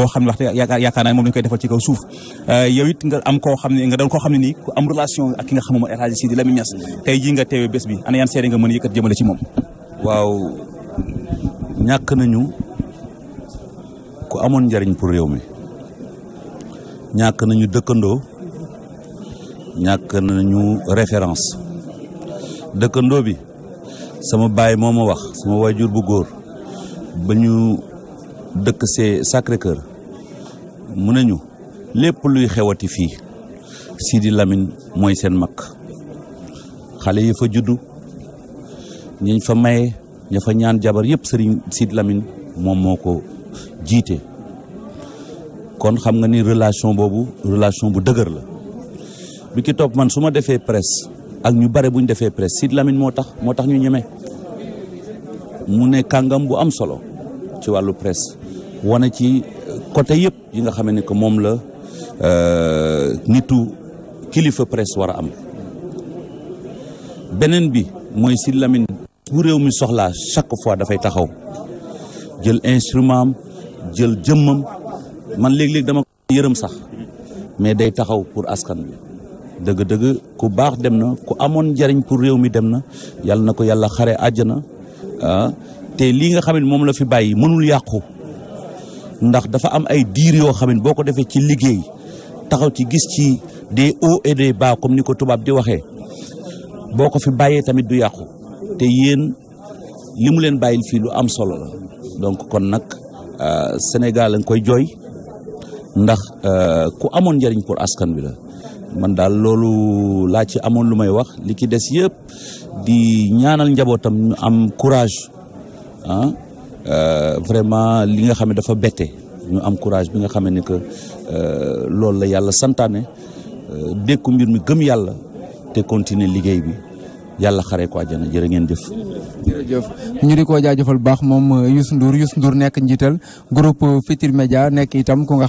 boo xam ne wax dëgg yaakaar yaakaar koy defal ci kaw suuf euh, yow it nga am koo xam ne nga doon koo xam ne nii ku am relation ak ki nga xam moom El Hadji jii nga teewee bés bi ana yan seede nga a yëkkat waaw ñàkk nañu ku amoon njariñ pour réew mi ñàkk nañu dëkkandoo ñàkk nañu référence dëkkandoo bi sama baay moo ma wax sama waajur bu góor ba ñu dëkk see sacré mu nañu lépp luy xewati fii Sidi Lamine mooy seen mag xale yi fa juddu ñiñ fa maye ña fa ñaan jabar yëpp sëriñ Sidi Lamine moom moo ko jiite kon xam nga ni relation boobu relation bu dëgër la bi ci topp man su ma defee presse ak ñu bare bu ñu defee presse Sidi Lamine moo tax moo tax ñu ñeme mu ne kàngam bu am solo ci wàllu presse wane ci côté yëpp yi nga xam ne que moom la euh, nitu kilifa presse war a am beneen bi mooy si Lamine bu réew mi soxlaa chaque fois dafay taxaw jël instrument am jël jëmmam man léeg-léeg dama ko yërëm sax mais day taxaw pour askan bi dëgg-dëgg ku baax dem na ku amoon njariñ pour réew mi dem na yàlla na ko yàlla xare na ah. te lii nga xam ne moom la fi bàyyi mënul yàqu ndax dafa am ay diir yoo xam ne boo ko defee ci liggéey taxaw ci gis ci des hauts et des bas comme ni ko tubaab di waxee boo ko fi bàyyee tamit du yàqu te yéen li mu leen bàyyil fii lu am solo la donc kon nag euh, Sénégal lañ koy jooy ndax euh, ku amoon njëriñ pour askan wi la man daal loolu laa ci amoon lu may wax li ci des yëpp di ñaanal njabootam ñu am courage Euh, vraiment li nga xam ne dafa bette ñu am courage bi nga xam ni que euh, loolu la yàlla santaane euh, dékku mbir mi gëm yàlla te continuer liggéey bi yàlla xaree ko àjjana jërë ngeen jëf. jërëjëf ñu di ko jaajëfal baax moom Youssou Ndour Youssou Ndour nekk njiital groupe Futurs Médias nekk itam ku nga xam